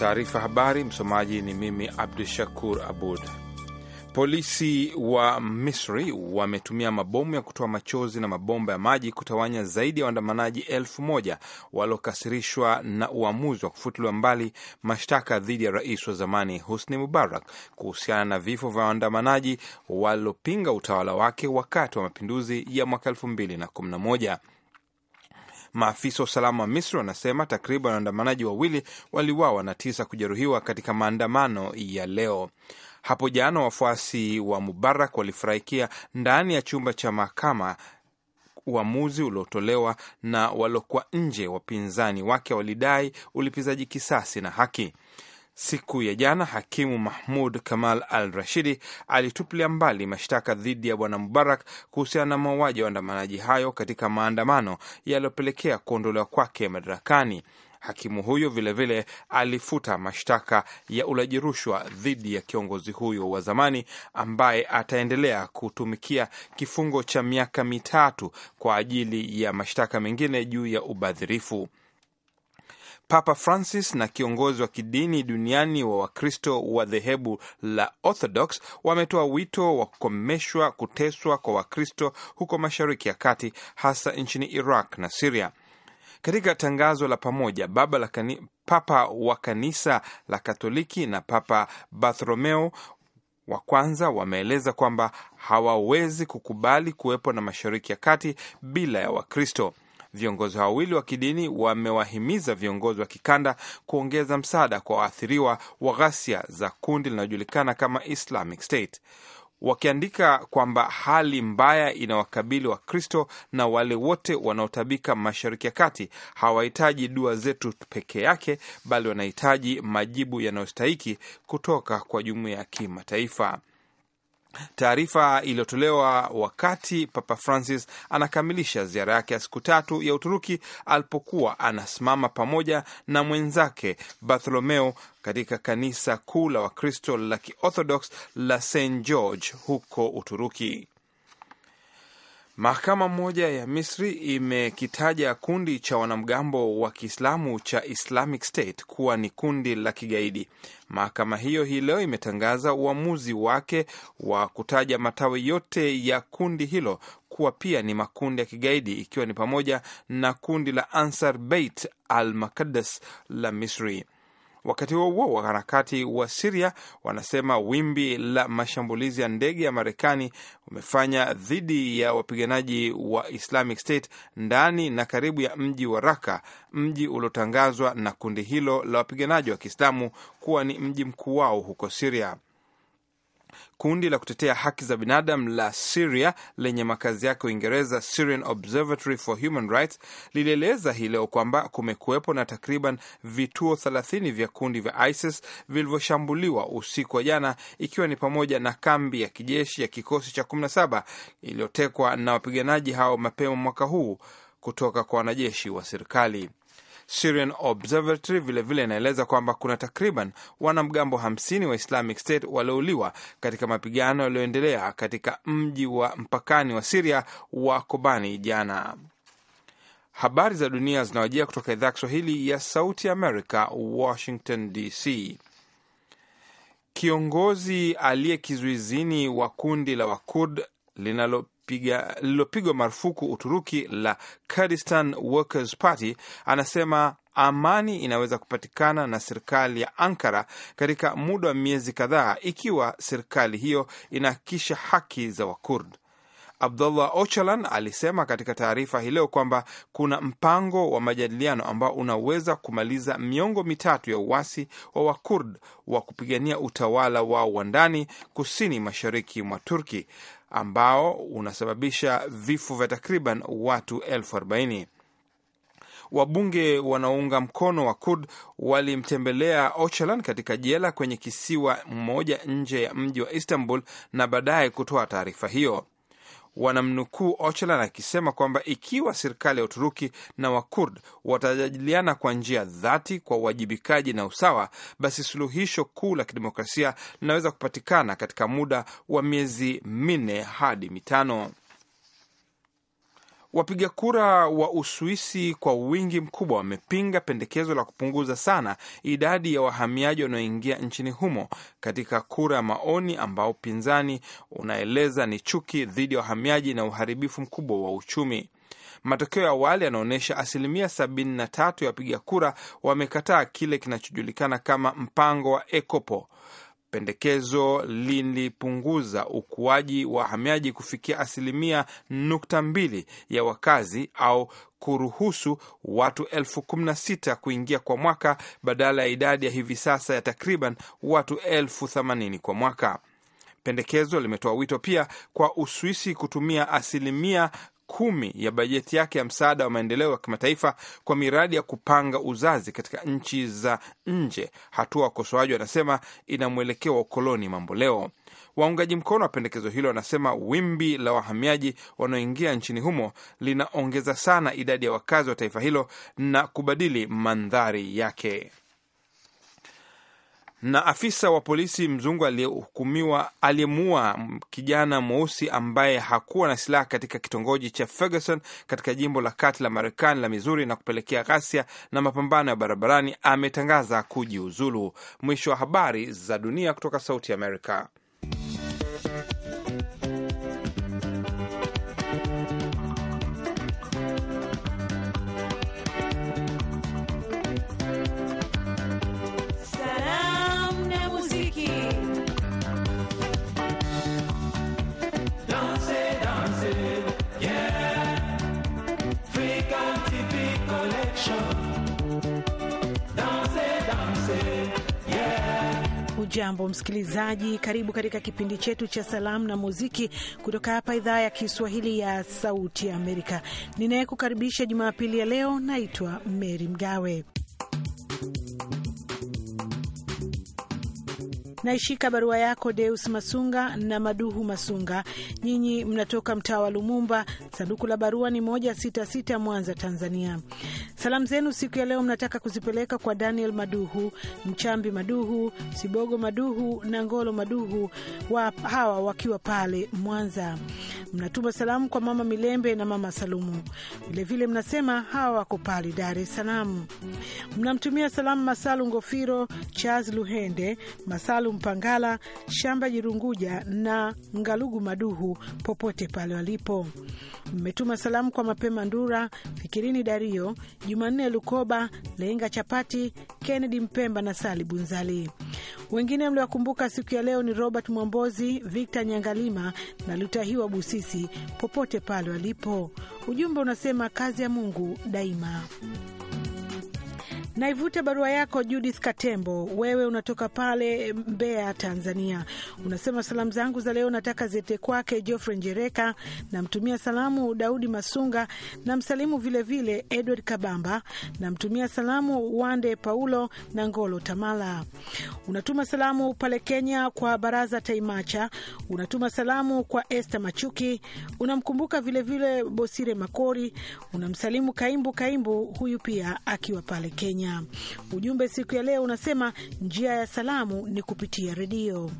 taarifa habari. Msomaji ni mimi Abdu Shakur Abud. Polisi wa Misri wametumia mabomu ya kutoa machozi na mabomba ya maji kutawanya zaidi ya waandamanaji elfu moja waliokasirishwa na uamuzi wa kufutiliwa mbali mashtaka dhidi ya rais wa zamani Husni Mubarak kuhusiana na vifo vya waandamanaji waliopinga utawala wake wakati wa mapinduzi ya mwaka elfu mbili na kumi na moja. Maafisa wa usalama wa Misri wanasema takriban waandamanaji wawili waliwawa na tisa kujeruhiwa katika maandamano ya leo. Hapo jana wafuasi wa Mubarak walifurahikia ndani ya chumba cha mahakama uamuzi uliotolewa na waliokuwa nje, wapinzani wake walidai ulipizaji kisasi na haki. Siku ya jana hakimu Mahmud Kamal Al Rashidi alitupilia mbali mashtaka dhidi ya bwana Mubarak kuhusiana na mauaji ya waandamanaji hayo katika maandamano yaliyopelekea kuondolewa kwake madarakani. Hakimu huyo vilevile vile alifuta mashtaka ya ulaji rushwa dhidi ya kiongozi huyo wa zamani ambaye ataendelea kutumikia kifungo cha miaka mitatu kwa ajili ya mashtaka mengine juu ya ubadhirifu. Papa Francis na kiongozi wa kidini duniani wa Wakristo wa dhehebu la Orthodox wametoa wito wa kukomeshwa kuteswa kwa Wakristo huko Mashariki ya Kati, hasa nchini Iraq na Siria. Katika tangazo la pamoja baba la kani, papa wa kanisa la Katoliki na Papa Bartholomeo wa kwanza wameeleza kwamba hawawezi kukubali kuwepo na Mashariki ya Kati bila ya Wakristo. Viongozi hao wawili wa kidini wamewahimiza viongozi wa kikanda kuongeza msaada kwa waathiriwa wa ghasia za kundi linalojulikana kama Islamic State wakiandika kwamba hali mbaya inawakabili Wakristo na wale wote wanaotabika Mashariki ya Kati hawahitaji dua zetu peke yake, bali wanahitaji majibu yanayostahiki kutoka kwa jumuiya ya kimataifa. Taarifa iliyotolewa wakati Papa Francis anakamilisha ziara yake ya siku tatu ya Uturuki alipokuwa anasimama pamoja na mwenzake Bartholomeo katika kanisa kuu la Wakristo la Kiorthodox la St George huko Uturuki. Mahakama moja ya Misri imekitaja kundi cha wanamgambo wa Kiislamu cha Islamic State kuwa ni kundi la kigaidi. Mahakama hiyo hii leo imetangaza uamuzi wake wa kutaja matawi yote ya kundi hilo kuwa pia ni makundi ya kigaidi ikiwa ni pamoja na kundi la Ansar Beit al Makadas la Misri. Wakati huo huo, wanaharakati wa Siria wanasema wimbi la mashambulizi ya ndege ya Marekani umefanya dhidi ya wapiganaji wa Islamic State ndani na karibu ya mji wa Raka, mji uliotangazwa na kundi hilo la wapiganaji wa Kiislamu kuwa ni mji mkuu wao huko Siria kundi la kutetea haki za binadamu la Syria lenye makazi yake Uingereza, Syrian Observatory for Human Rights, lilieleza hii leo kwamba kumekuwepo na takriban vituo 30 vya kundi vya ISIS vilivyoshambuliwa usiku wa jana, ikiwa ni pamoja na kambi ya kijeshi ya kikosi cha 17 iliyotekwa na wapiganaji hao mapema mwaka huu kutoka kwa wanajeshi wa serikali. Syrian Observatory vilevile inaeleza vile kwamba kuna takriban wanamgambo 50 wa Islamic State waliouliwa katika mapigano yaliyoendelea katika mji wa mpakani wa Siria wa Kobani jana. Habari za dunia zinawajia kutoka idhaa ya Kiswahili ya Sauti america Washington DC. Kiongozi aliye kizuizini wa kundi la Wakurd linalo lililopigwa marufuku Uturuki la Kurdistan Workers Party anasema amani inaweza kupatikana na serikali ya Ankara katika muda wa miezi kadhaa ikiwa serikali hiyo inahakikisha haki za Wakurd. Abdullah Ocalan alisema katika taarifa hii leo kwamba kuna mpango wa majadiliano ambao unaweza kumaliza miongo mitatu ya uasi wa Wakurd wa kupigania utawala wao wa ndani kusini mashariki mwa Turki ambao unasababisha vifo vya takriban watu elfu arobaini. Wabunge wanaounga mkono wa Kurd walimtembelea Ocalan katika jela kwenye kisiwa mmoja nje ya mji wa Istanbul na baadaye kutoa taarifa hiyo wanamnukuu Ochelan akisema kwamba ikiwa serikali ya Uturuki na Wakurd watajadiliana kwa njia dhati, kwa uwajibikaji na usawa, basi suluhisho kuu la kidemokrasia linaweza kupatikana katika muda wa miezi minne hadi mitano. Wapiga kura wa Uswisi kwa wingi mkubwa wamepinga pendekezo la kupunguza sana idadi ya wahamiaji wanaoingia nchini humo katika kura ya maoni, ambao upinzani unaeleza ni chuki dhidi ya wahamiaji na uharibifu mkubwa wa uchumi. Matokeo ya awali yanaonyesha asilimia 73 ya wapiga kura wamekataa kile kinachojulikana kama mpango wa Ekopo. Pendekezo lilipunguza ukuaji wa wahamiaji kufikia asilimia nukta mbili ya wakazi au kuruhusu watu elfu kumi na sita kuingia kwa mwaka badala ya idadi ya hivi sasa ya takriban watu elfu themanini kwa mwaka. Pendekezo limetoa wito pia kwa Uswisi kutumia asilimia kumi ya bajeti yake ya msaada wa maendeleo ya kimataifa kwa miradi ya kupanga uzazi katika nchi za nje, hatua wakosoaji wanasema ina mwelekeo wa ukoloni mambo leo. Waungaji mkono wa pendekezo hilo wanasema wimbi la wahamiaji wanaoingia nchini humo linaongeza sana idadi ya wakazi wa taifa hilo na kubadili mandhari yake. Na afisa wa polisi mzungu aliyehukumiwa aliyemuua kijana mweusi ambaye hakuwa na silaha katika kitongoji cha Ferguson katika jimbo la kati la Marekani la Mizuri na kupelekea ghasia na mapambano ya barabarani ametangaza kujiuzulu. Mwisho wa habari za dunia kutoka Sauti Amerika. Hujambo msikilizaji, karibu katika kipindi chetu cha salamu na muziki kutoka hapa idhaa ya Kiswahili ya Sauti ya Amerika. Ninayekukaribisha Jumapili ya leo naitwa Meri Mgawe. Naishika barua yako Deus Masunga na Maduhu Masunga, nyinyi mnatoka mtaa wa Lumumba. Sanduku la barua ni moja sita sita, Mwanza, Tanzania. Salamu zenu siku ya leo mnataka kuzipeleka kwa Daniel Maduhu, Mchambi Maduhu, Sibogo Maduhu na Ngolo Maduhu wa hawa wakiwa pale Mwanza. Mnatuma salamu kwa mama Milembe na mama Salumu, vilevile mnasema hawa wako pale Dar es Salaam. Mnamtumia salamu Masalu Ngofiro, Charles Luhende Masalu Salum Pangala, Shamba Jirunguja na Ngalugu Maduhu popote pale walipo. Mmetuma salamu kwa Mapema Ndura, Fikirini Dario, Jumanne Lukoba, Lenga Chapati, Kennedy Mpemba na Sali Bunzali. Wengine mliowakumbuka siku ya leo ni Robert mwambozi Victor Nyangalima na Lutahiwa Busisi popote pale walipo. Ujumbe unasema kazi ya Mungu daima. Naivuta barua yako Judith Katembo, wewe unatoka pale Mbeya, Tanzania. Unasema salamu zangu za leo nataka zete kwake Geoffrey Njereka, namtumia salamu Daudi Masunga na msalimu vilevile Edward Kabamba, namtumia salamu Wande Paulo na Ngolo Tamala. Unatuma salamu pale Kenya kwa Baraza Taimacha, unatuma salamu kwa Esther Machuki, unamkumbuka vilevile Bosire Makori, unamsalimu Kaimbu Kaimbu, huyu pia akiwa pale Kenya. Kenya. Ujumbe siku ya leo unasema njia ya salamu ni kupitia redio.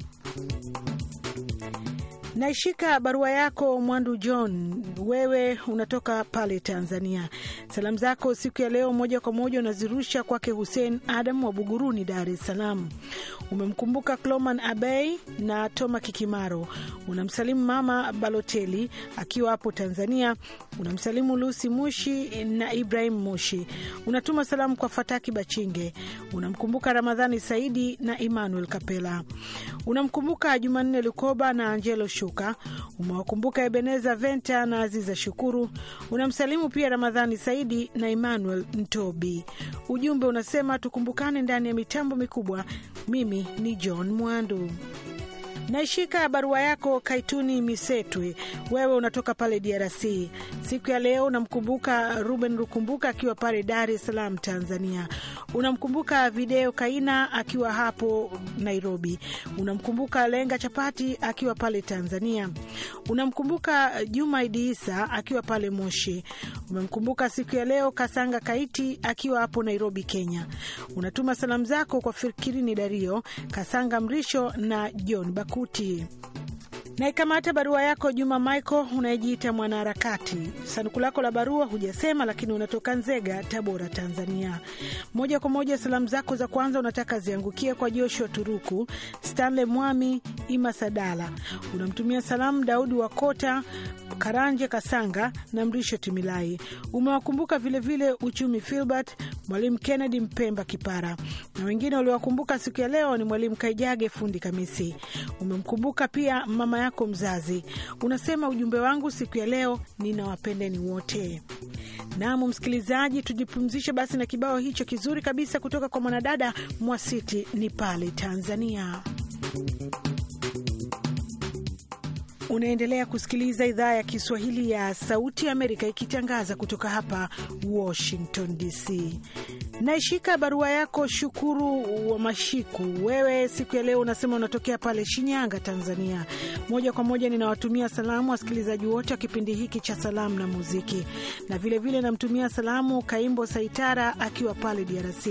Naishika barua yako Mwandu John, wewe unatoka pale Tanzania. Salamu zako siku ya leo moja kwa moja unazirusha kwake Hussein Adam wa Buguruni, Dar es Salaam. Umemkumbuka Cloman Abey na Toma Kikimaro, unamsalimu mama Baloteli akiwa hapo Tanzania, unamsalimu Lusi Mushi na Ibrahim Mushi, unatuma salamu kwa Fataki Bachinge, unamkumbuka Ramadhani Saidi na Emmanuel Kapela, unamkumbuka Jumanne Lukoba na Angelo Shu Luka, umewakumbuka Ebeneza Venta na Aziza Shukuru, unamsalimu pia Ramadhani Saidi na Emmanuel Ntobi. Ujumbe unasema tukumbukane ndani ya mitambo mikubwa. Mimi ni John Mwandu. Naishika barua yako Kaituni Misetwe, wewe unatoka pale DRC. Siku ya leo unamkumbuka Ruben Rukumbuka akiwa pale Dar es Salaam, Tanzania. Unamkumbuka Video Kaina akiwa hapo Nairobi, unamkumbuka Lenga Chapati akiwa pale Tanzania, unamkumbuka Juma Idi Isa akiwa pale Moshi, umemkumbuka siku ya leo Kasanga Kaiti akiwa hapo Nairobi, Kenya. Unatuma salamu zako kwa Fikirini Dario Kasanga Mrisho na John Bakuti. Naikamata barua yako Juma Michael, unayejiita mwanaharakati. Sanduku lako la barua hujasema, lakini unatoka Nzega, Tabora, Tanzania. Moja kwa moja salamu zako za kwanza unataka ziangukie kwa Joshua Turuku, Stanley Mwami, Ima Sadala. Unamtumia salamu Daudi Wakota, Karanje Kasanga na Mrisho Timilai. Umewakumbuka vilevile Uchumi Filbert, Mwalimu Kennedy Mpemba Kipara na wengine. Uliwakumbuka siku ya leo ni Mwalimu Kaijage, fundi Kamisi. Umemkumbuka pia mama yako yako mzazi. Unasema ujumbe wangu siku ya leo, ninawapendeni wote. Nam msikilizaji, tujipumzishe basi na kibao hicho kizuri kabisa kutoka kwa mwanadada Mwasiti ni pale Tanzania. Unaendelea kusikiliza idhaa ya Kiswahili ya Sauti ya Amerika ikitangaza kutoka hapa Washington DC. Naishika barua yako Shukuru wa Mashiku. Wewe siku ya leo unasema unatokea pale Shinyanga, Tanzania. Moja kwa moja ninawatumia salamu wasikilizaji wote wa kipindi hiki cha salamu na muziki, na vilevile namtumia salamu Kaimbo Saitara akiwa pale DRC.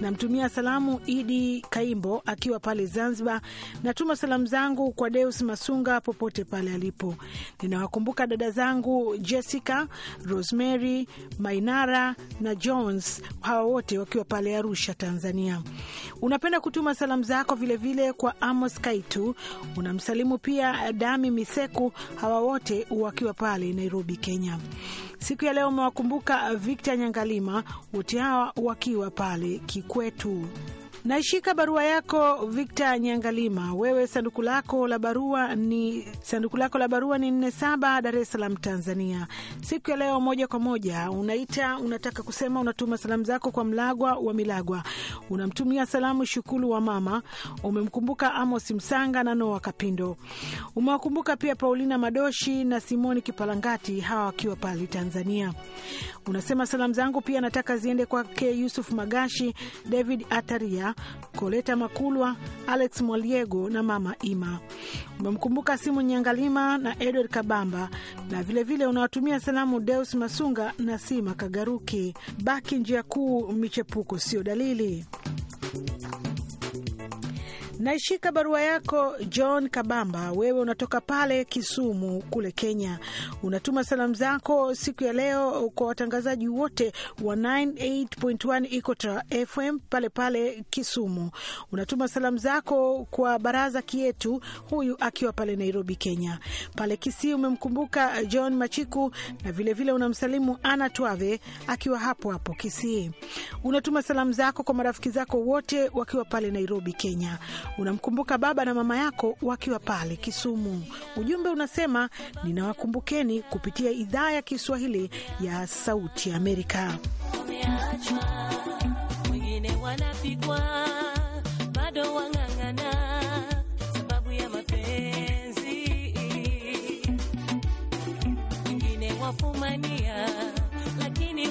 Namtumia salamu Idi Kaimbo akiwa pale Zanzibar. Natuma salamu zangu kwa Deus Masunga popote pale alipo. Ninawakumbuka dada zangu Jessica, Rosemary, Mainara na Jones hao wote wakiwa pale Arusha, Tanzania. Unapenda kutuma salamu zako vilevile vile kwa Amos Kaitu, unamsalimu pia Dami Miseku, hawa wote wakiwa pale Nairobi, Kenya. Siku ya leo umewakumbuka Victor Nyangalima, wote hawa wakiwa pale Kikwetu. Naishika barua yako Victor Nyangalima, wewe sanduku lako la barua ni sanduku lako la barua ni saba, Dar es Salaam, Tanzania. Siku ya leo moja kwa moja unaita, unataka kusema, unatuma salamu zako kwa Mlagwa wa Milagwa, unamtumia salamu Shukulu wa mama, umemkumbuka Amos Msanga na Noa Kapindo, umewakumbuka pia Paulina Madoshi na Simoni Kipalangati, hawa wakiwa pale Tanzania. Unasema salamu zangu pia nataka ziende kwake Yusuf Magashi, David Ataria, Koleta Makulwa, Alex Mwaliego na mama Ima. Umemkumbuka Simu Nyangalima na Edward Kabamba, na vilevile unawatumia salamu Deus Masunga na Sima Kagaruki. Baki njia kuu, michepuko sio dalili. Naishika barua yako John Kabamba, wewe unatoka pale Kisumu kule Kenya. Unatuma salamu zako siku ya leo kwa watangazaji wote wa 98.1 Ikota FM pale pale Kisumu. Unatuma salamu zako kwa baraza kietu, huyu akiwa pale Nairobi, Kenya. Pale Kisii umemkumbuka eh, John Machiku na vilevile vile unamsalimu Ana Twave akiwa hapo hapo Kisii. Unatuma salamu zako kwa marafiki zako wote wakiwa pale Nairobi, Kenya unamkumbuka baba na mama yako wakiwa pale Kisumu. Ujumbe unasema ninawakumbukeni kupitia idhaa ya Kiswahili ya Sauti Amerika. Umeachwa, wengine wanapigwa, bado wang'ang'ana sababu ya mapenzi, wengine wafumania, lakini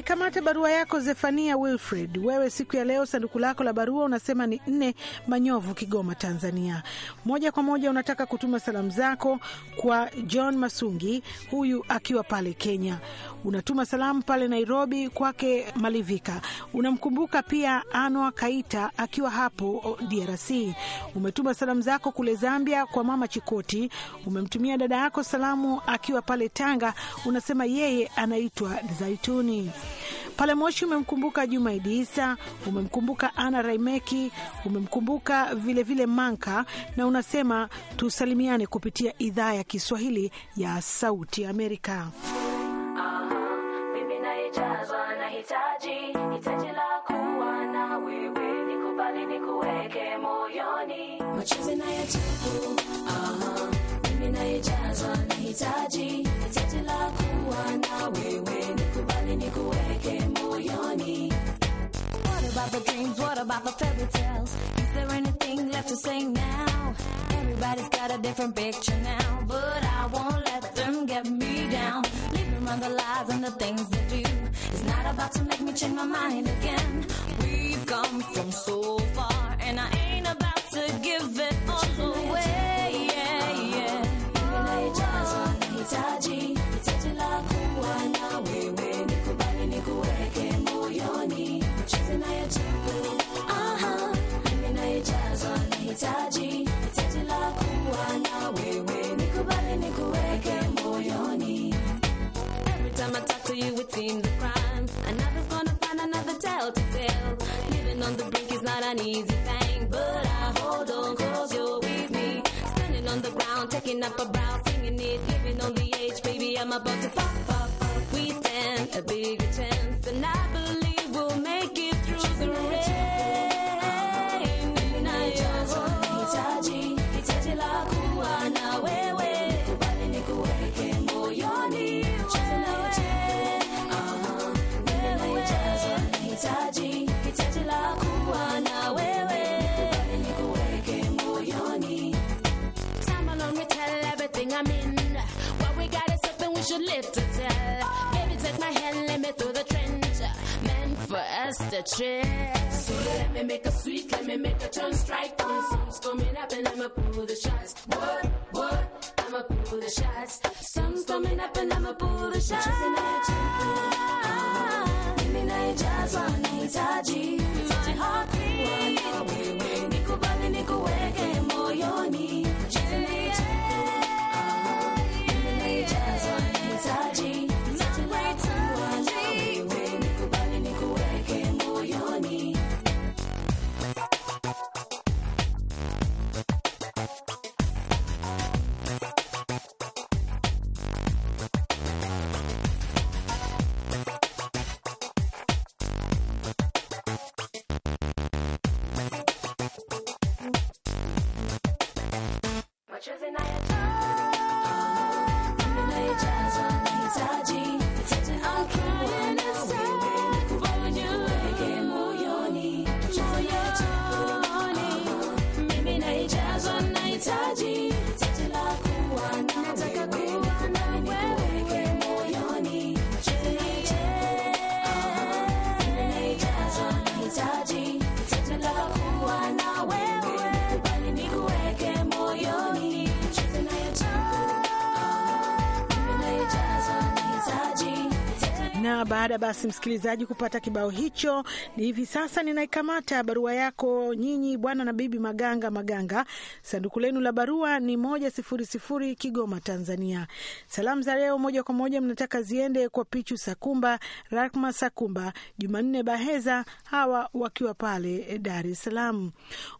naikamata barua yako Zefania Wilfred. Wewe siku ya leo sanduku lako la barua unasema ni nne Manyovu, Kigoma, Tanzania. Moja kwa moja unataka kutuma salamu zako kwa John Masungi, huyu akiwa pale Kenya. Unatuma salamu pale Nairobi kwake Malivika. Unamkumbuka pia Anwa Kaita akiwa hapo DRC. Umetuma salamu zako kule Zambia kwa mama Chikoti. Umemtumia dada yako salamu akiwa pale Tanga, unasema yeye anaitwa Zaituni. Pale Moshi umemkumbuka Juma Idi Isa, umemkumbuka Ana Raimeki, umemkumbuka vilevile vile Manka, na unasema tusalimiane kupitia idhaa ya Kiswahili ya Sauti Amerika. Uh-huh. What about the dreams, what about the fairy tales Is there anything left to say now Everybody's got a different picture now But I won't let them get me down Leaving around the lies and the things they do It's not about to make me change my mind again We've come from so far And I ain't about to give it all away the trick. So let me make a sweet, let me make a turn strike. When sun's coming up and I'ma pull the shots. What, what? I'ma pull the shots. Sun's coming up and I'ma pull the shots. baada basi msikilizaji kupata kibao hicho, hivi sasa ninaikamata barua yako nyinyi bwana na bibi Maganga Maganga Sanduku lenu la barua ni moja sifuri sifuri Kigoma, Tanzania. Salamu za leo moja kwa moja mnataka ziende kwa Pichu Sakumba, rakma Sakumba, Jumanne Baheza, hawa wakiwa pale Dar es Salaam.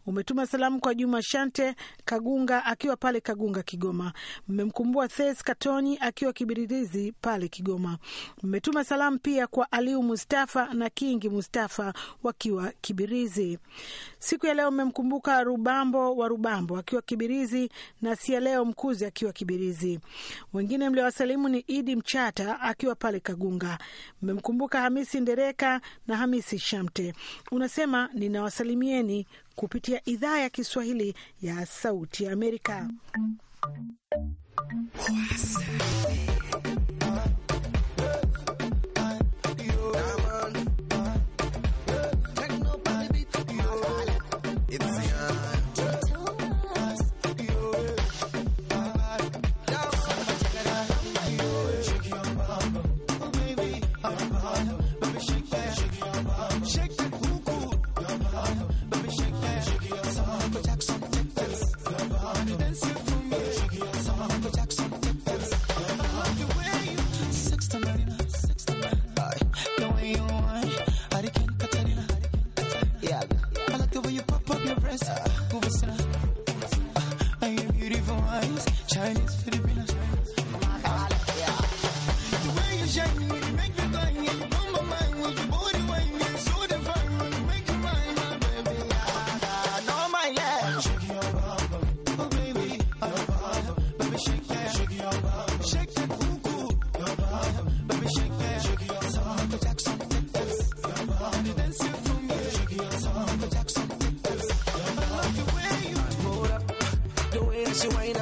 Umetuma salamu kwa Juma Shante Kagunga akiwa pale Kagunga, Kigoma. Mmemkumbua Thes Katoni akiwa kibiririzi pale Kigoma. Mmetuma salamu pia kwa Aliu Mustafa na Kingi Mustafa wakiwa Kibirizi. Siku ya leo mmemkumbuka Rubambo wa Rubambo akiwa Kibirizi na Sia Leo Mkuzi akiwa Kibirizi. Wengine mliowasalimu ni Idi Mchata akiwa pale Kagunga. Mmemkumbuka Hamisi Ndereka na Hamisi Shamte. Unasema ninawasalimieni kupitia idhaa ya Kiswahili ya Sauti ya Amerika. She ain't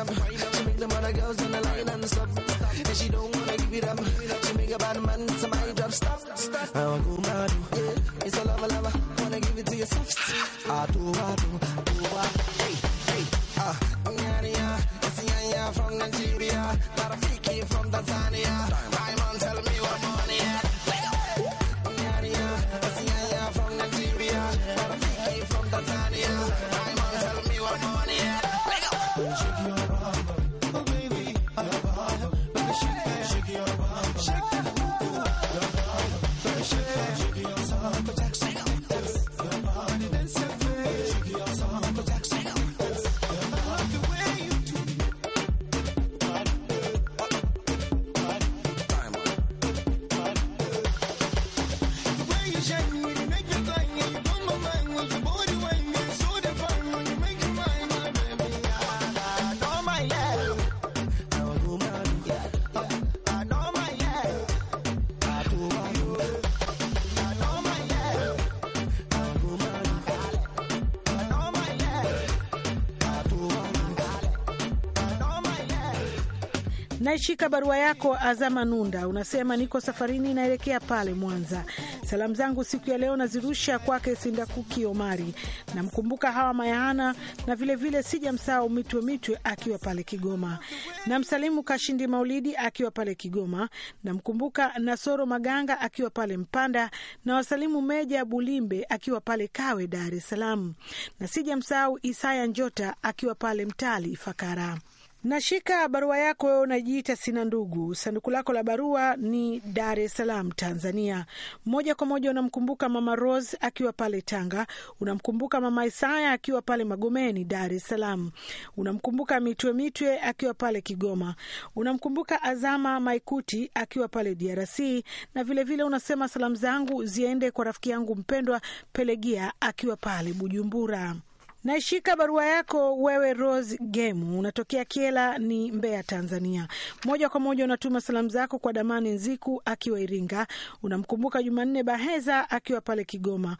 Naishika barua yako Azama Nunda, unasema niko safarini, naelekea pale Mwanza. Salamu zangu siku ya leo nazirusha kwake Sindakuki Omari, namkumbuka Hawa Mayahana na vilevile sijamsahau Mitwe Mitwe akiwa pale Kigoma, namsalimu Kashindi Maulidi akiwa pale Kigoma, namkumbuka Nasoro Maganga akiwa pale Mpanda na wasalimu Meja Bulimbe akiwa pale Kawe, Dar es Salaam, na sijamsahau Isaya Njota akiwa pale Mtali Fakara. Nashika barua yako wewe, unajiita sina ndugu. Sanduku lako la barua ni Dar es Salaam, Tanzania. Moja kwa moja unamkumbuka Mama Rose akiwa pale Tanga, unamkumbuka Mama Isaya akiwa pale Magomeni, Dar es Salaam, unamkumbuka Mitwe Mitwe akiwa pale Kigoma, unamkumbuka Azama Maikuti akiwa pale DRC na vilevile vile unasema salamu zangu ziende kwa rafiki yangu mpendwa Pelegia akiwa pale Bujumbura. Naishika barua yako wewe, Rose Gemu, unatokea Kiela ni Mbeya, Tanzania. Moja kwa moja unatuma salamu zako kwa Damani Nziku akiwa Iringa, unamkumbuka Jumanne Baheza akiwa pale Kigoma,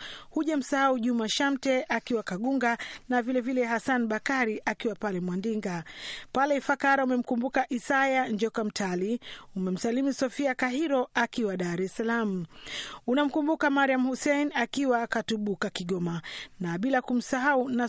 msahau Juma Shamte akiwa Kagunga na vilevile vile Hasan Bakari akiwa pale Mwandinga. Pale Ifakara umemkumbuka Isaya Njoka Mtali, umemsalimu Sofia Kahiro akiwa Dar es Salaam, unamkumbuka Mariam Hussein akiwa Katubuka Kigoma, na bila kumsahau na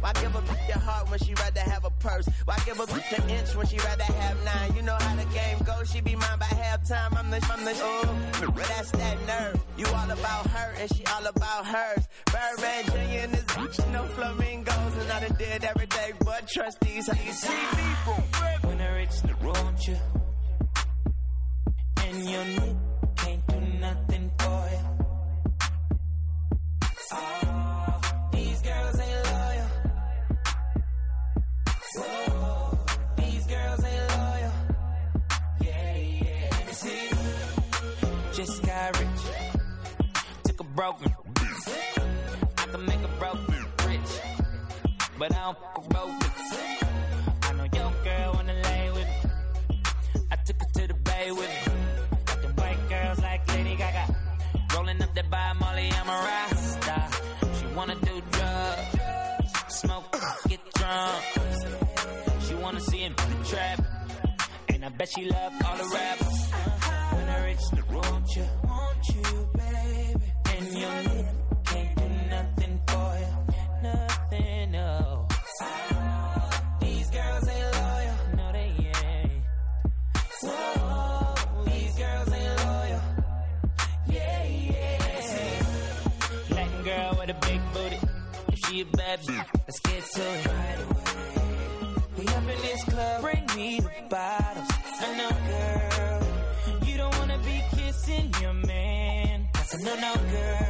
Why give a bitch your heart when she rather have a purse? Why give a bitch an inch when she rather have nine? You know how the game goes, she be mine by halftime. I'm the, I'm the, ooh, that's that nerve. You all about her and she all about hers. Birdman Jr. and his bitch, no flamingos. And I done did every day, but trust these, how you see me for When I reach the room, you and your knee can't do nothing for it. Oh. broken. I can make a broken rich, but I don't fuck broke. I know your girl wanna lay with me. I took her to the bay with me. Got the white girls like Lady Gaga, rolling up that by Molly. I'm a rasta. She wanna do drugs, smoke, get drunk. She wanna see him in the trap, and I bet she love all the rappers. When I reach the room, you want you, baby. These girls ain't loyal, no they ain't. Whoa, these girls ain't loyal, yeah yeah. Latin girl with a big booty, if she a bad bitch, let's get to it. Right away. We up in this club, bring me the bottles. no, no, girl.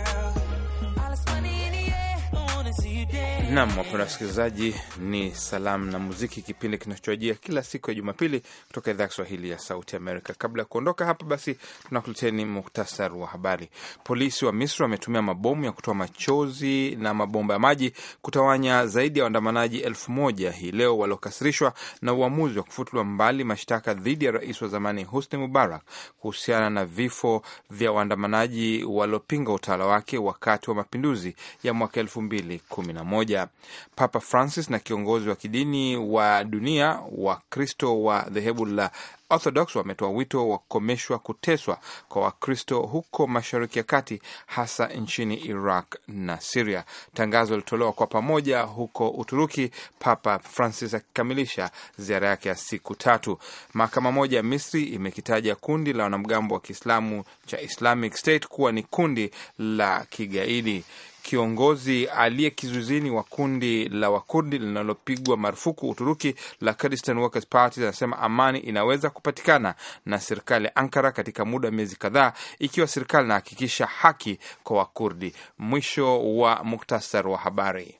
Nam, wapenda wasikilizaji, ni salamu na muziki, kipindi kinachojia kila siku ya Jumapili kutoka idhaa ya Kiswahili ya Sauti Amerika. Kabla ya kuondoka hapa, basi tunakuleteni muktasari wa habari. Polisi wa Misri wametumia mabomu ya kutoa machozi na mabomba ya maji kutawanya zaidi ya waandamanaji elfu moja hii leo waliokasirishwa na uamuzi wa kufutuliwa mbali mashtaka dhidi ya rais wa zamani Husni Mubarak kuhusiana na vifo vya waandamanaji waliopinga utawala wake wakati wa mapinduzi ya mwaka elfu mbili kumi Papa Francis na kiongozi wa kidini wa dunia Wakristo wa dhehebu la Orthodox wametoa wito wa kukomeshwa kuteswa kwa Wakristo huko Mashariki ya Kati, hasa nchini Iraq na Siria. Tangazo lilitolewa kwa pamoja huko Uturuki, Papa Francis akikamilisha ziara yake ya siku tatu. Mahakama moja ya Misri imekitaja kundi la wanamgambo wa Kiislamu cha Islamic State kuwa ni kundi la kigaidi kiongozi aliye kizuizini wa kundi la Wakurdi linalopigwa marufuku Uturuki la Kurdistan Workers Party anasema amani inaweza kupatikana na serikali ya Ankara katika muda wa miezi kadhaa, ikiwa serikali inahakikisha haki kwa Wakurdi. Mwisho wa muktasar wa habari.